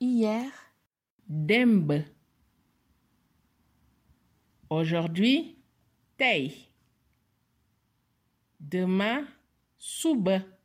hier, demb. Aujourd'hui, tey. Demain, suba.